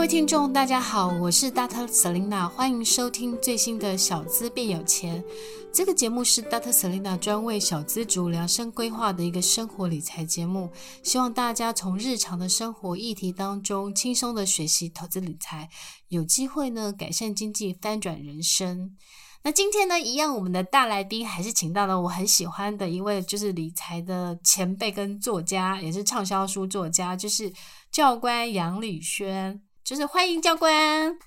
各位聽眾，大家好，我是 Dr. Selena，歡迎收聽最新的《小資變有錢》。這個節目是 Dr. Selena 專為小資族量身規劃的一個生活理財節目，希望大家從日常的生活議題當中輕鬆的學習投資理財，有機會呢，改善經濟，翻轉人生。那今天呢，一樣我們的大來賓還是請到了我很喜歡的一位，就是理財的前輩跟作家，也是暢銷書作家，就是教官楊禮軒。就是歡迎教官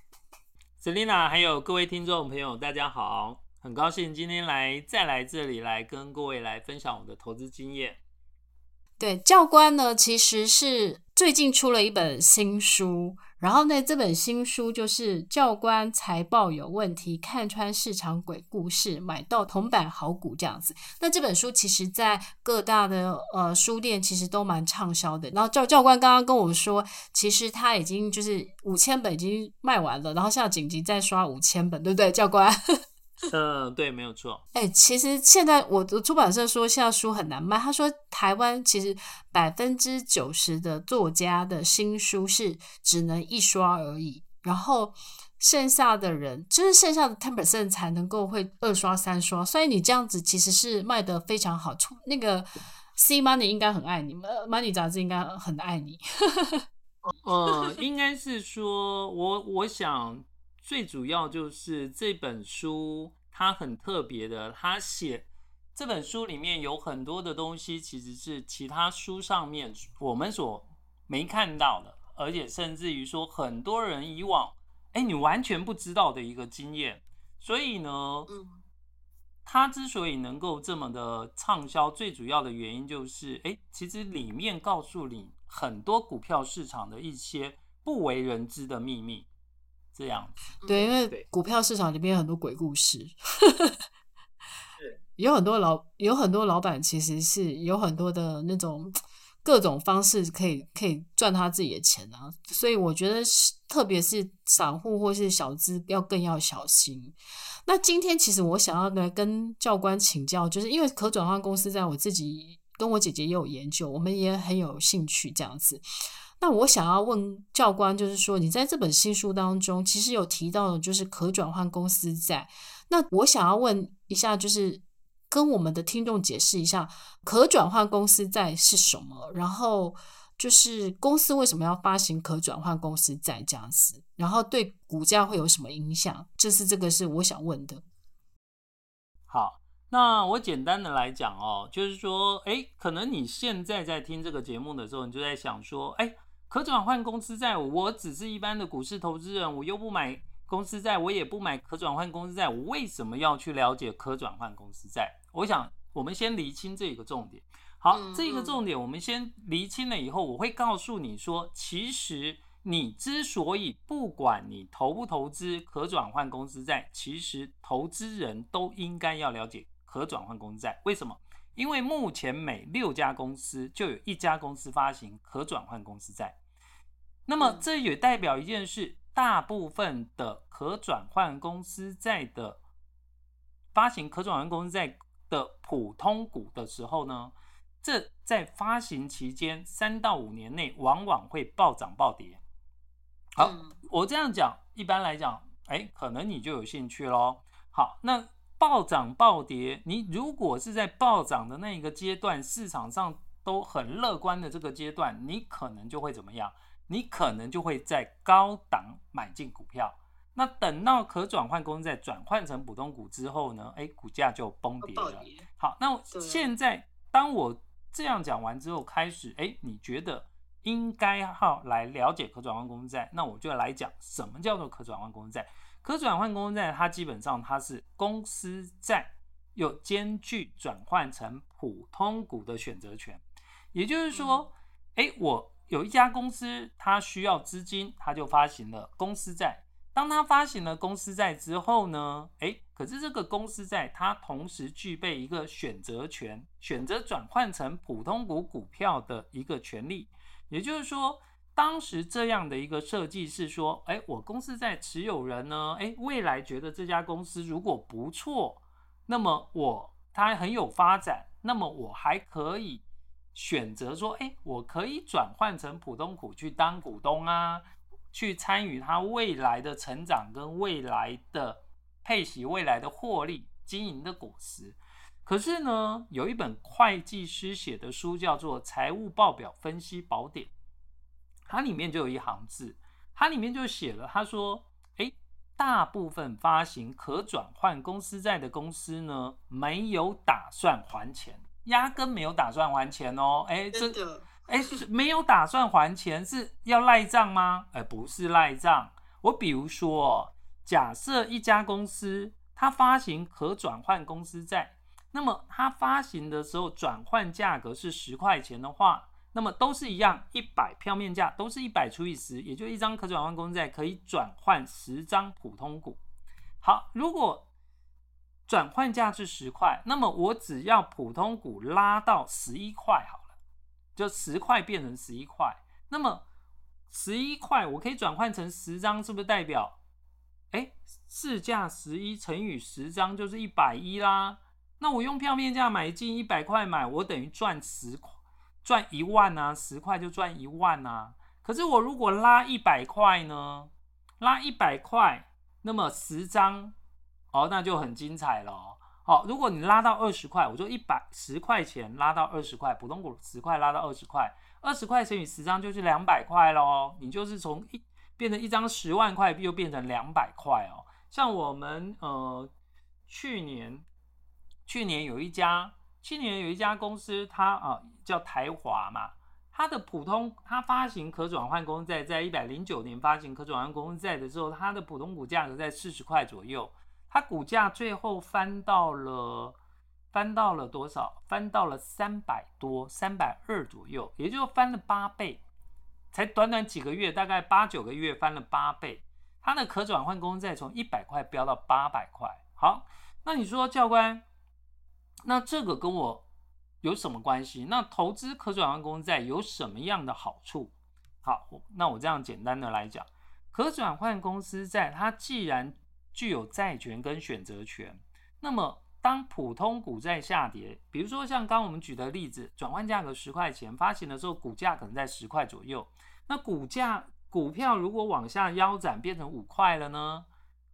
，Selina，還有各位聽眾朋友，大家好，很高興今天來再來這裡來跟各位來分享我的投資經驗。對，教官呢，其實是最近出了一本新書。然後呢，這本新書就是教官財報有問題，看穿市場鬼故事，買到銅板好股這樣子。那這本書其實在各大的呃書店其實都蠻暢銷的。然後教教官剛剛跟我說，其實他已經就是五千本已經賣完了，然後現在緊急再刷五千本，對不對，教官？嗯、呃，對，沒有錯。哎、欸，其實現在我，的出版社說現在書很難賣。他說，台灣其實百分之九十的作家的新書是只能一刷而已，然後剩下的人，就是剩下的 ten percent 才能夠會二刷三刷。所以你這樣子其實是賣得非常好。那個 C Money 應該很愛你，Money 雜誌應該很愛你。該愛你 呃，應該是說我，我想。最主要就是這本書，它很特別的。它寫這本書裡面有很多的東西，其實是其他書上面我們所沒看到的，而且甚至於說，很多人以往哎，你完全不知道的一個經驗。所以呢，嗯，它之所以能夠這麼的暢銷，最主要的原因就是，哎，其實裡面告訴你很多股票市場的一些不為人知的秘密。這樣，對，因為股票市場裡面很多鬼故事。 有很多老有很多老闆，其實是有很多的那種各種方式可以可以賺他自己的錢啊。所以我覺得，特別是散戶或是小資，要更要小心。那今天其實我想要來跟教官請教，就是因為可轉換公司債，我自己跟我姐姐也有研究，我們也很有興趣這樣子。那我想要問教官，就是說，你在這本新書當中，其實有提到的就是可轉換公司債。那我想要問一下，就是跟我們的聽眾解釋一下，可轉換公司債是什麼？然後就是公司為什麼要發行可轉換公司債這樣子？然後對股價會有什麼影響？這、就是這個是我想問的。好，那我簡單的來講哦，就是說，哎，可能你現在在聽這個節目的時候，你就在想說，哎。可轉換公司債，我只是一般的股市投資人，我又不買公司債，我也不買可轉換公司債，我為什麼要去了解可轉換公司債？我想我們先釐清這一個重點。好，這個重點我們先釐清了以後，我會告訴你說，其實你之所以不管你投不投資可轉換公司債，其實投資人都應該要了解可轉換公司債。為什麼？因為目前每六家公司就有一家公司發行可轉換公司債。那麼這也代表一件事：大部分的可轉換公司債的發行，可轉換公司債的普通股的時候呢，這在發行期間三到五年內往往會暴漲暴跌。好，我這樣講，一般來講，哎，可能你就有興趣嘍。好，那暴漲暴跌，你如果是在暴漲的那一個階段，市場上都很樂觀的這個階段，你可能就會怎麼樣？你可能就會在高檔買進股票，那等到可轉換公司債轉換成普通股之後呢，哎、欸，股價就崩跌了。好，那現在當我這樣講完之後，開始哎、欸，你覺得應該好，來了解可轉換公司債。那我就來講什麼叫做可轉換公司債？可轉換公司債它基本上它是公司債，又兼具轉換成普通股的選擇權，也就是說，哎、嗯欸、我。有一家公司，它需要資金，它就發行了公司債。當它發行了公司債之後呢，誒，可是這個公司債它同時具備一個選擇權，選擇轉換成普通股股票的一個權利。也就是說，當時這樣的一個設計是說，誒，我公司債持有人呢，誒，未來覺得這家公司如果不錯，那麼我它很有發展，那麼我還可以。選擇說，哎，我可以轉換成普通股去當股東啊，去參與它未來的成長跟未來的配息、未來的獲利、經營的果實。可是呢，有一本會計師寫的書叫做《財務報表分析寶典》，它裡面就有一行字，它裡面就寫了，他說，哎，大部分發行可轉換公司債的公司呢，沒有打算還錢。壓根沒有打算還錢哦，哎，真的，哎，沒有打算還錢是要賴賬嗎？哎，不是賴賬。我比如說，假設一家公司它發行可轉換公司債，那麼它發行的時候轉換價格是十塊錢的話，那麼都是一樣，一百，票面價都是一百除以十，也就一張可轉換公司債可以轉換十張普通股。好，如果轉換價是十塊，那麼我只要普通股拉到十一塊好了，就十塊變成十一塊，那麼十一塊我可以轉換成十張，是不是代表？哎，市價十一乘以十張就是一百一啦。那我用票面價買進一百塊買，我等於賺十塊，賺一萬啊，十塊就賺一萬啊。可是我如果拉一百塊呢？拉一百塊，那麼十張。哦，那就很精彩了哦。好，如果你拉到二十塊，我就一百，十塊錢拉到二十塊，普通股十塊拉到二十塊，二十塊乘以十張就是兩百塊咯。你就是從一變成一張十萬塊，又變成兩百塊哦。像我們呃，去年去年有一家，去年有一家公司，它啊、呃、叫台華嘛，它的普通它發行可轉換公司債，在一百零九年發行可轉換公司債的時候，它的普通股價格在四十塊左右。它股價最後翻到了，翻到了多少？翻到了三百多，三百二左右，也就是翻了八倍，才短短幾個月，大概八九個月翻了八倍。它的可轉換公司債從一百塊飆到八百塊。好，那你說教官，那這個跟我有什麼關係？那投資可轉換公司債有什麼樣的好處？好，那我這樣簡單的來講，可轉換公司債，它既然具有債權跟選擇權。那麼，當普通股債下跌，比如說像剛我們舉的例子，轉換價格十塊錢發行的時候，股價可能在十塊左右。那股價股票如果往下腰斬變成五塊了呢？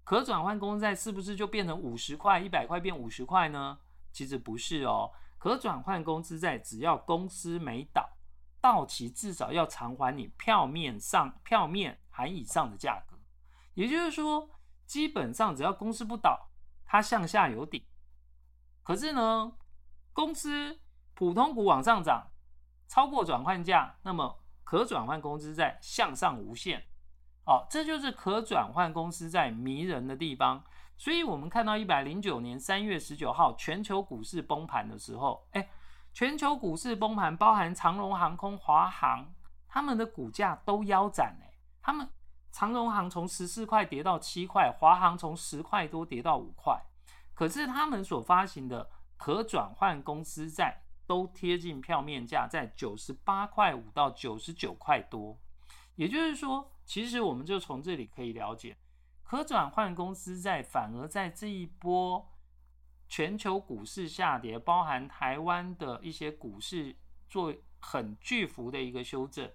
可轉換公司債是不是就變成五十塊、一百塊變五十塊呢？其實不是哦。可轉換公司債只要公司沒倒，到期至少要償還你票面上票面含以上的價格。也就是說。基本上只要公司不倒，它向下有底。可是呢，公司普通股往上漲，超過轉換價，那麼可轉換公司債向上無限。哦，這就是可轉換公司債迷人的地方。所以，我們看到一百零九年三月十九號全球股市崩盤的時候，哎，全球股市崩盤，包含長榮航空、華航，他們的股價都腰斬哎，欸，他們。長榮航從十四塊跌到七塊，華航從十塊多跌到五塊，可是他們所發行的可轉換公司債都貼近票面價，在九十八塊五到九十九塊多。也就是說，其實我們就從這裡可以了解，可轉換公司債反而在這一波全球股市下跌，包含台灣的一些股市做很巨幅的一個修正。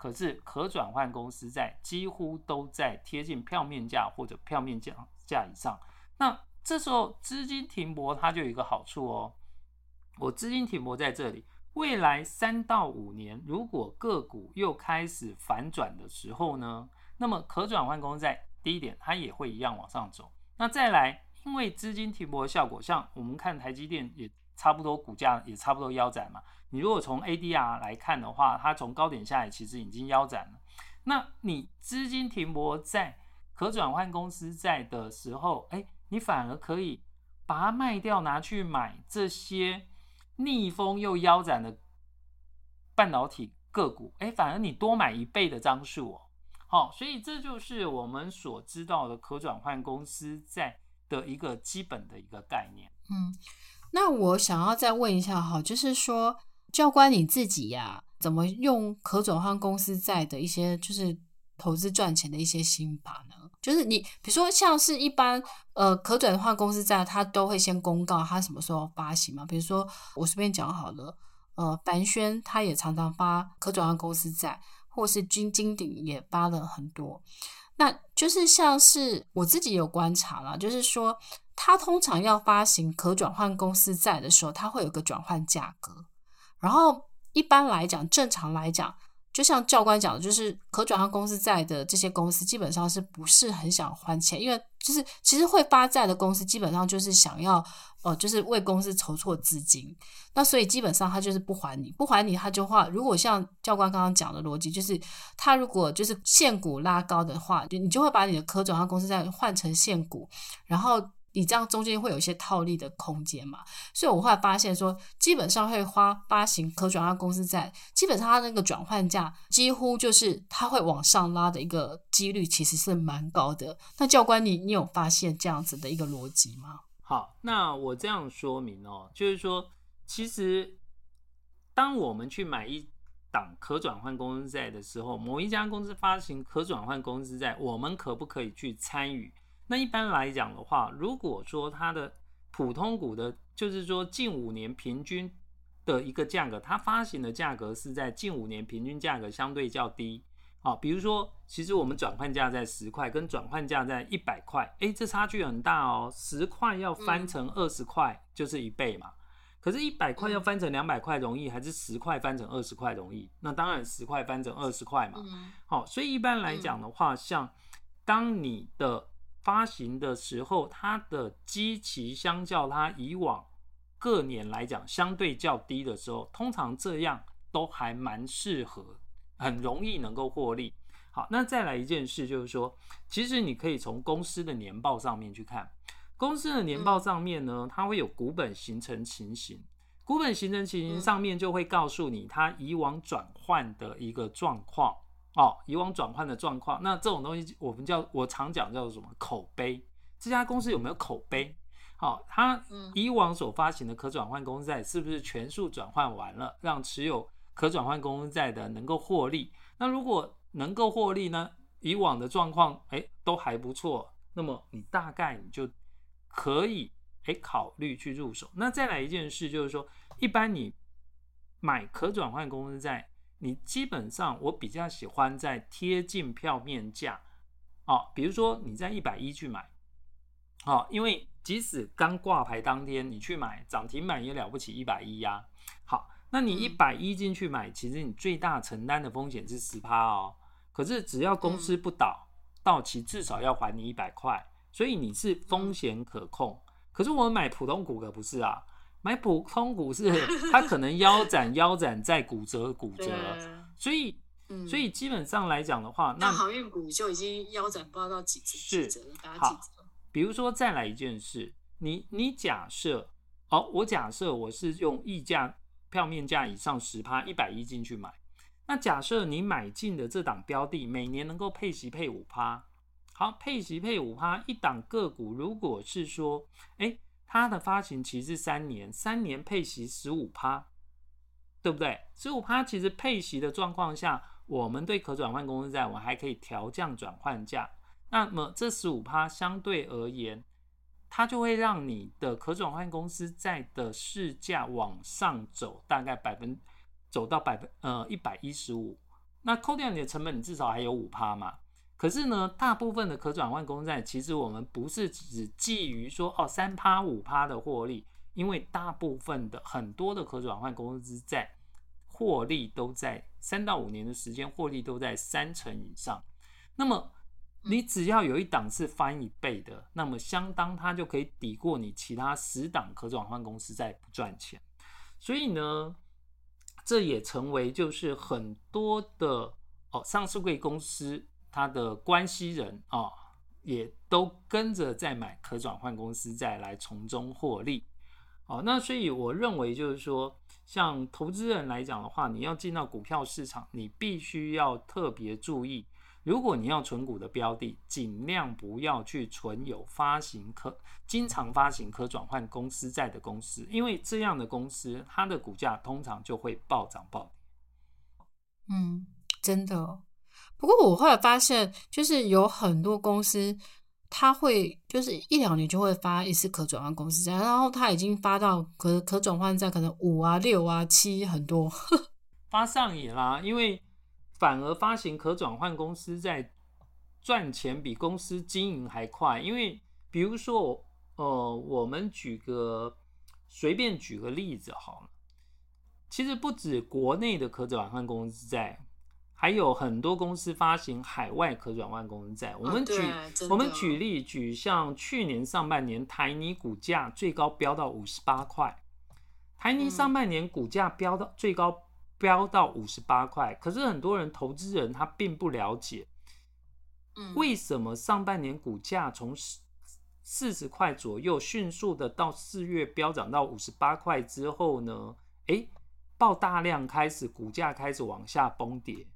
可是可轉換公司債幾乎都在貼近票面價或者票面價價以上，那這時候資金停泊它就有一個好處哦，我資金停泊在這裡，未來三到五年如果個股又開始反轉的時候呢，那麼可轉換公司債低點它也會一樣往上走，那再來因為資金停泊的效果，像我們看台積電也差不多，股價也差不多腰斬嘛。你如果從 ADR 來看的話，它從高點下來其實已經腰斬了。那你資金停泊在可轉換公司債的時候，誒，你反而可以把它賣掉，拿去買這些逆風又腰斬的半導體個股，誒，反而你多買一倍的張數哦。好、哦，所以這就是我們所知道的可轉換公司債的一個基本的一個概念。嗯，那我想要再問一下哈，就是說。教官你自己呀、啊，怎麼用可轉換公司債的一些就是投資賺錢的一些心法呢？就是你比如說像是一般呃可轉換公司債，它都會先公告它什麼時候發行嘛。比如說我隨便講好了，呃，凡軒他也常常發可轉換公司債，或是金金鼎也發了很多。那就是像是我自己有觀察啦，就是說他通常要發行可轉換公司債的時候，它會有個轉換價格。然後一般來講，正常來講，就像教官講的，就是可轉換公司債的這些公司基本上是不是很想還錢？因為就是其實會發債的公司基本上就是想要哦，就是為公司籌措資金。那所以基本上他就是不還你，不還你他就話。如果像教官剛剛講的邏輯，就是他如果就是現股拉高的話，你就會把你的可轉換公司債換成現股，然後。你這樣中間會有一些套利的空間嘛。所以我後來發現說，基本上會花發行可轉換公司債，基本上它那個轉換價幾乎就是它會往上拉的一個幾率，其實是蠻高的。那教官你，你你有發現這樣子的一個邏輯嗎？好，那我這樣說明哦，就是說，其實當我們去買一檔可轉換公司債的時候，某一家公司發行可轉換公司債，我們可不可以去參與？那一般來講的話，如果說它的普通股的，就是說近五年平均的一個價格，它發行的價格是在近五年平均價格相對較低啊。比如說，其實我們轉換價在十塊，跟轉換價在一百塊，誒,這差距很大哦。十塊要翻成二十塊就是一倍嘛，可是，一百塊要翻成兩百塊容易，還是十塊翻成二十塊容易？那當然十塊翻成二十塊嘛。好，所以一般來講的話，像當你的發行的時候，它的基期相較它以往各年來講相對較低的時候，通常這樣都還蠻適合，很容易能夠獲利。好，那再來一件事就是說，其實你可以從公司的年報上面去看，公司的年報上面呢，它會有股本形成情形，股本形成情形上面就會告訴你它以往轉換的一個狀況。哦，以往轉換的狀況，那這種東西我們叫，我常講叫什麼？口碑。這家公司有沒有口碑？好、哦，它以往所發行的可轉換公司債是不是全數轉換完了，讓持有可轉換公司債的能夠獲利？那如果能夠獲利呢？以往的狀況哎都還不錯，那麼你大概你就可以哎考慮去入手。那再來一件事就是說，一般你買可轉換公司債。你基本上我比較喜歡在貼近票面價，哦，比如說你在一百一去買，哦，因為即使剛掛牌當天你去買，漲停板也了不起一百一啊。好，那你一百一進去買，其實你最大承擔的風險是十趴哦。可是只要公司不倒，到期至少要還你一百塊，所以你是風險可控。可是我們買普通股可不是啊。買普通股是它可能腰斬、腰斬再骨折、骨折、 啊，所以，所以基本上來講的話，嗯、那航運股就已經腰斬不知道到幾，是幾折、大家幾折了，好。比如說再來一件事，你你假設，好、哦，我假設我是用溢價、嗯、票面價以上十10趴、一百一進去買，那假設你買進的這檔標的每年能夠配息配五趴，好，配息配五趴一檔個股，如果是說，誒它的發行期是三年，三年配息十五趴，對不對？十五趴其實配息的狀況下，我們對可轉換公司債，我們還可以調降轉換價。那麼這十五趴相對而言，它就會讓你的可轉換公司債的市價往上走，大概百分，走到百分，呃，一百一十五。那扣掉你的成本，你至少還有五趴嘛。可是呢，大部分的可轉換公司債，其實我們不是只覬覦說哦三趴五趴的獲利，因為大部分的很多的可轉換公司債獲利都在三到五年的時間，獲利都在三成以上。那麼你只要有一檔是翻一倍的，那麼相當它就可以抵過你其他十檔可轉換公司債不賺錢。所以呢，這也成為就是很多的哦上市櫃公司。他的關係人啊、哦，也都跟着在買可轉換公司債來從中獲利。哦，那所以我認為就是說，像投資人來講的話，你要進到股票市場，你必須要特別注意，如果你要存股的標的，盡量不要去存有發行可、經常發行可轉換公司債的公司，因為這樣的公司，它的股價通常就會暴漲暴跌。嗯，真的哦。不過我後來發現，就是有很多公司，他會就是一兩年就會發一次可轉換公司債，然後他已經發到可可轉換債可能五啊六啊七，很多發上癮啦，因為反而發行可轉換公司債賺錢比公司經營還快，因為比如說呃，我們舉個隨便舉個例子好了，其實不止國內的可轉換公司債。還有很多公司發行海外可轉換公司債。我們舉、啊、我們舉例舉像去年上半年台泥股價最高飆到五十八塊，台泥上半年股價飆到最高飆到五十八塊，可是很多人投資人他並不了解、嗯，為什麼上半年股價從四四十塊左右迅速的到四月飆漲到五十八塊之後呢？哎、欸，爆大量開始，股價開始往下崩跌。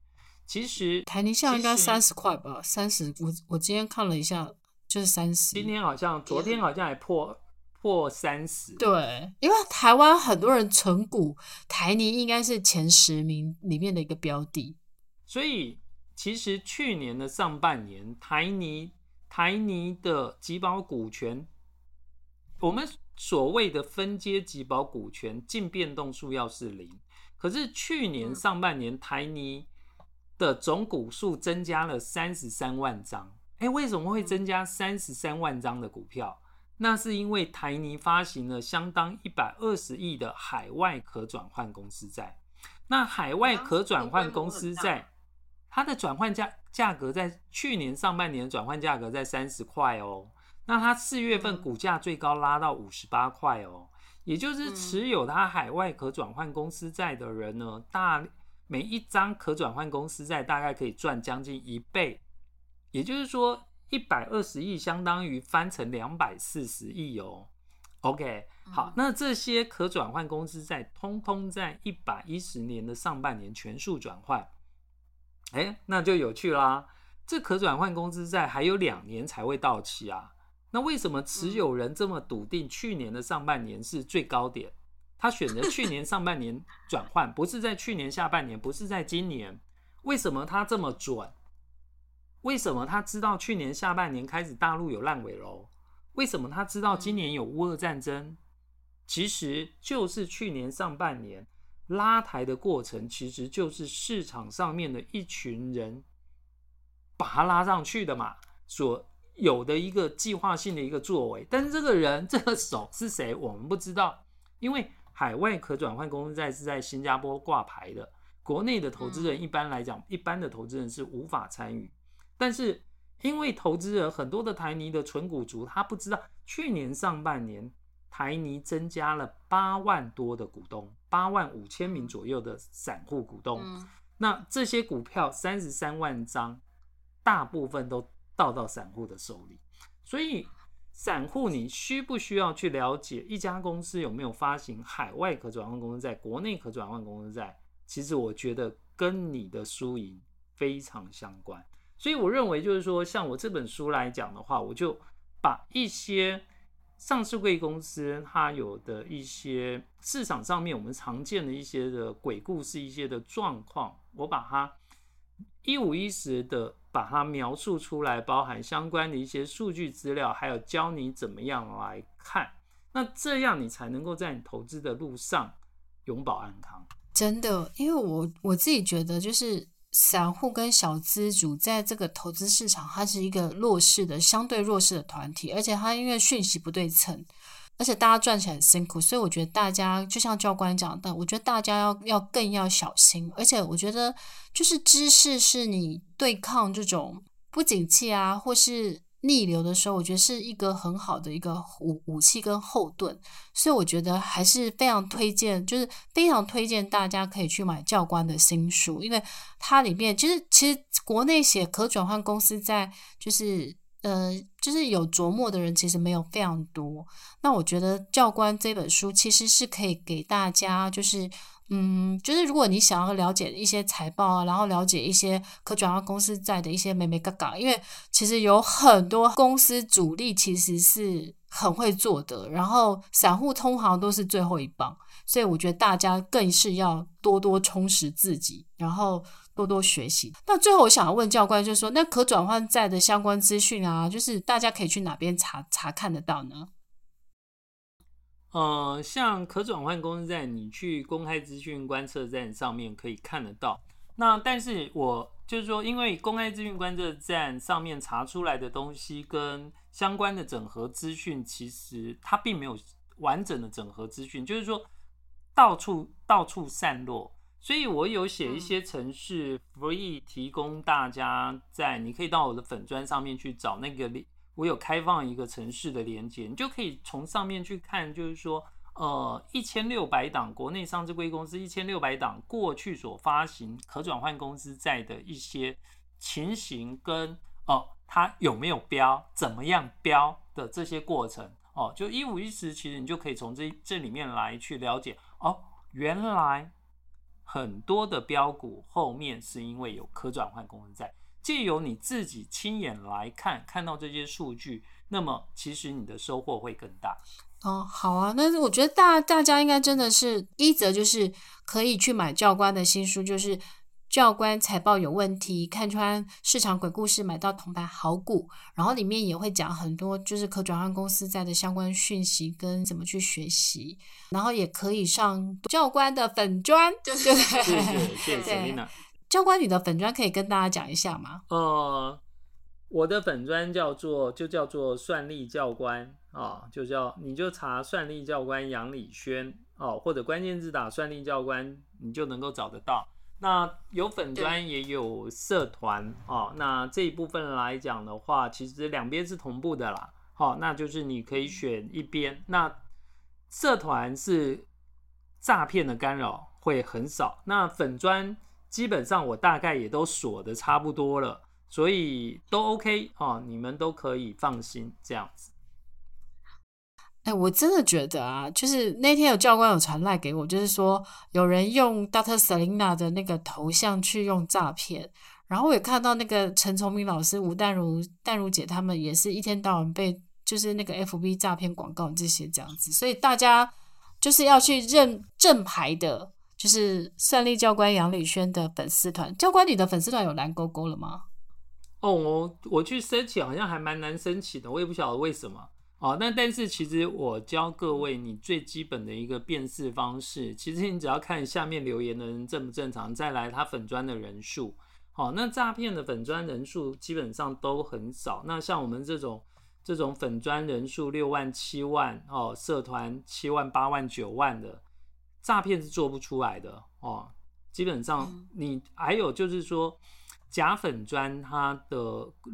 其實台泥現在，應該三十塊吧，三十。30，我我今天看了一下，就是三十。今天好像，昨天好像還破破三十。對，因為台灣很多人存股，台泥應該是前十名裡面的一個標的。所以其實去年的上半年，台泥台泥的集保股權，我們所謂的分階集保股權淨變動數要是零，可是去年上半年、嗯、台泥。的總股數增加了三十三萬張，哎、欸，為什麼會增加三十三萬張的股票？那是因為台泥發行了相當一百二十億的海外可轉換公司債。那海外可轉換公司債，它的轉換價價格在去年上半年轉換價格在三十塊哦。那它四月份股價最高拉到五十八塊哦，也就是持有它海外可轉換公司債的人呢，大。每一張可轉換公司債大概可以賺將近一倍，也就是說一百二十億相當於翻成兩百四十億哦。OK，好，那這些可轉換公司債通通在一百一十年的上半年全數轉換，哎、欸，那就有趣啦。這可轉換公司債還有兩年才會到期啊，那為什麼持有人這麼篤定去年的上半年是最高點？他選擇去年上半年轉換，不是在去年下半年，不是在今年。為什麼他這麼準？為什麼他知道去年下半年開始大陸有爛尾樓？為什麼他知道今年有烏俄戰爭？其實就是去年上半年拉抬的過程，其實就是市場上面的一群人把他拉上去的嘛，所有的一個計劃性的一個作為。但是這個人這個手是誰，我們不知道，因為。海外可轉換公司債是在新加坡掛牌的，國內的投資人一般來講，一般的投資人是無法參與。但是，因為投資人很多的台泥的存股族，他不知道去年上半年台泥增加了八萬多的股東，八萬五千名左右的散戶股東。那這些股票三十三萬張，大部分都到到散戶的手裡，所以。散戶，你需不需要去了解一家公司有沒有發行海外可轉換公司債、國內可轉換公司債？其實我覺得跟你的輸贏非常相關。所以我認為，就是說，像我這本書來講的話，我就把一些上市櫃公司它有的一些市場上面我們常見的一些的鬼故事、一些的狀況，我把它一五一十的。把它描述出來，包含相關的一些數據資料，還有教你怎麼樣來看，那這樣你才能夠在你投資的路上永保安康。真的，因為我我自己覺得，就是散戶跟小資主在這個投資市場，它是一個弱勢的、相對弱勢的團體，而且它因為訊息不對稱。而且大家賺錢很辛苦，所以我覺得大家就像教官講的，我覺得大家要要更要小心。而且我覺得，就是知識是你對抗這種不景氣啊，或是逆流的時候，我覺得是一個很好的一個武武器跟後盾。所以我覺得還是非常推薦，就是非常推薦大家可以去買教官的新書，因為它裡面其實、就是、其實國內寫可轉換公司債就是。呃，就是有琢磨的人其實沒有非常多。那我覺得《教官》這本書其實是可以給大家，就是，嗯，就是如果你想要了解一些財報啊，然後了解一些可轉換公司債的一些眉眉嘎嘎，因為其實有很多公司主力其實是很會做的，然後散戶通常都是最後一棒，所以我覺得大家更是要多多充實自己，然後。多多學習。那最後我想要問教官，就是說，那可轉換債的相關資訊啊，就是大家可以去哪邊查查看得到呢？嗯、呃，像可轉換公司債，你去公開資訊觀測站上面可以看得到。那但是我就是說，因為公開資訊觀測站上面查出來的東西，跟相關的整合資訊，其實它並沒有完整的整合資訊，就是說到處到處散落。所以我有寫一些程 r 可以提供大家在，你可以到我的粉磚上面去找那個，我有開放一個程市的連接，你就可以從上面去看，就是說，呃，一千六百檔國內上市貴公司，一千六百檔過去所發行可轉換公司債的一些情形跟，哦、呃，它有沒有標，怎麼樣標的這些過程哦，就一五一十，其實你就可以從這這裡面來去了解哦，原來。很多的飆股後面是因為有可轉換公司債在，在借由你自己親眼來看，看到這些數據，那麼其實你的收穫會更大。哦，好啊，那我覺得大家大家應該真的是，一則就是可以去買教官的新書，就是。教官財報有問題，看穿市場鬼故事，買到銅板好股，然後裡面也會講很多就是可轉換公司債的相關訊息跟怎麼去學習，然後也可以上教官的粉專，就是，是，謝謝謝謝教官，你的粉專可以跟大家講一下嗎？呃，我的粉專叫做就叫做算利教官啊，就叫你就查算利教官楊禮軒哦、啊，或者關鍵字打算利教官，你就能夠找得到。那有粉專也有社團哦，那這一部分來講的話，其實兩邊是同步的啦，好，哦，那就是你可以選一邊。那社團是詐騙的干擾會很少，那粉專基本上我大概也都鎖的差不多了，所以都 OK 哦，你們都可以放心這樣子。哎，我真的覺得啊，就是那天有教官有傳賴給我，就是說有人用 doctor Selina 的那個頭像去用詐騙，然後我也看到那個陳崇明老師、吳淡如淡如姐他們也是一天到晚被就是那個 FB 詐騙廣告這些這樣子，所以大家就是要去認正牌的，就是算利教官楊禮軒的粉絲團。教官，你的粉絲團有藍勾勾了嗎？哦，oh，我我去申請，好像還蠻難申請的，我也不曉得為什麼。好，那但是其實我教各位，你最基本的一個辨識方式，其實你只要看下面留言的人正不正常，再來他粉專的人數。好，那詐騙的粉專人數基本上都很少。那像我們這種這種粉專人數六萬七萬哦，社團七萬八萬九萬的詐騙是做不出來的哦。基本上你還有就是說。假粉專它的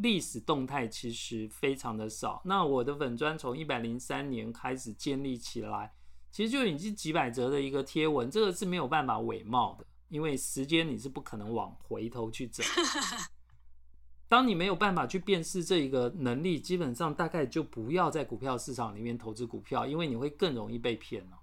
歷史動態其實非常的少。那我的粉專從一百零三年開始建立起來，其實就已經幾百則的一個貼文，這個是沒有辦法偽冒的，因為時間你是不可能往回頭去走。 當你沒有辦法去辨識這一個能力，基本上大概就不要在股票市場裡面投資股票，因為你會更容易被騙了啊。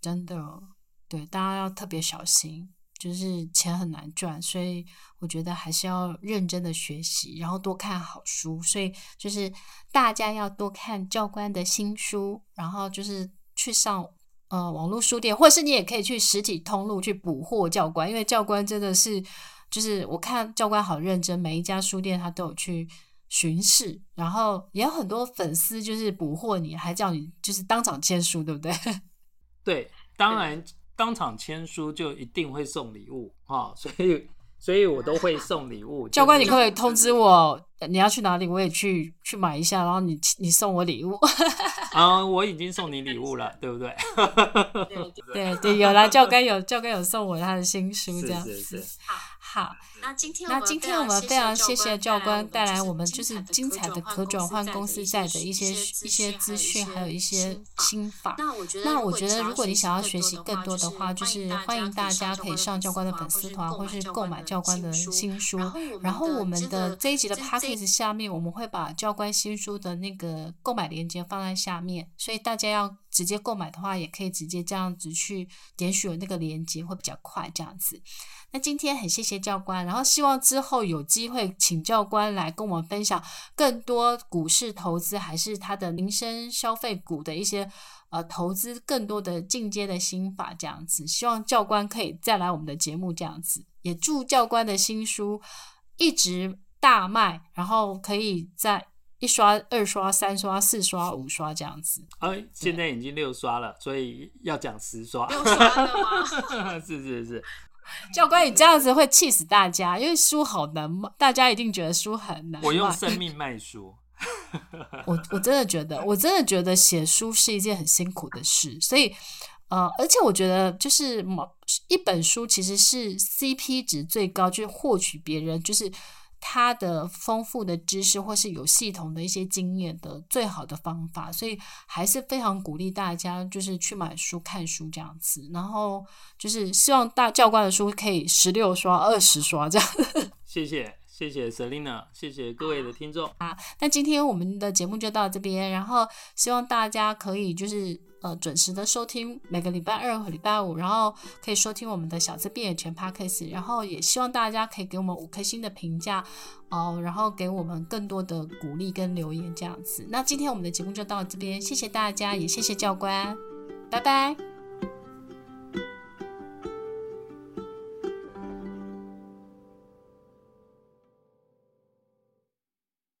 真的，對，大家要特別小心。就是錢很難賺，所以我覺得還是要認真的學習，然後多看好書。所以就是大家要多看教官的新書，然後就是去上呃網絡書店，或者是你也可以去實體通路去捕獲教官，因為教官真的是就是我看教官好認真，每一家書店他都有去巡視，然後也有很多粉絲就是捕獲你，還叫你就是當場簽書，對不對？對，當然。當場簽書就一定會送禮物啊、哦，所以所以我都會送禮物。 教官，你可不可以通知我你要去哪裡，我也去去買一下，然後你你送我禮物。啊、 uh，我已經送你禮物了， 對不對？ 對對，有啦。教官有 教官有送我他的新書，這樣子。是是是好，那今天我們非常謝謝教官帶來我們就是精彩的可轉換公司債的一些一些資訊，還有一些心法。那我覺得，如果你想要學習更多的話，就是歡迎大家可以上教官的粉絲團，或是購買教官的新書。然後我們的，我們的這一集的 podcast 下面，我們會把教官新書的那個購買鏈接放在下面，所以大家要。直接購買的話，也可以直接這樣子去點選那個鏈接，會比較快。這樣子，那今天很謝謝教官，然後希望之後有機會請教官來跟我們分享更多股市投資，還是他的民生消費股的一些呃投資更多的進階的心法。這樣子，希望教官可以再來我們的節目。這樣子，也祝教官的新書一直大賣，然後可以在。一刷、二刷、三刷、四刷、五刷這樣子，哎，現在已經六刷了，所以要講十刷。 六刷了的嗎、啊？ 是是是，教官，你這樣子會氣死大家，因為書好難賣，大家一定覺得書很難。我用生命賣書。 我我真的覺得，我真的覺得寫書是一件很辛苦的事，所以，呃，而且我覺得就是某一本書其實是 CP 值最高，就是獲取別人就是。他的豐富的知識或是有系統的一些經驗的最好的方法，所以還是非常鼓勵大家就是去買書、看書這樣子。然後就是希望大教官的書可以十六刷、二十刷這樣。謝謝，謝謝 Selina，謝謝各位的聽眾。啊，那今天我們的節目就到這邊，然後希望大家可以就是。呃，準時的收聽每個禮拜二和禮拜五，然後可以收聽我們的小資變有錢 Podcast，然後也希望大家可以給我們五顆星的評價哦，然後給我們更多的鼓勵跟留言這樣子。那今天我們的節目就到這邊，謝謝大家，也謝謝教官，拜拜。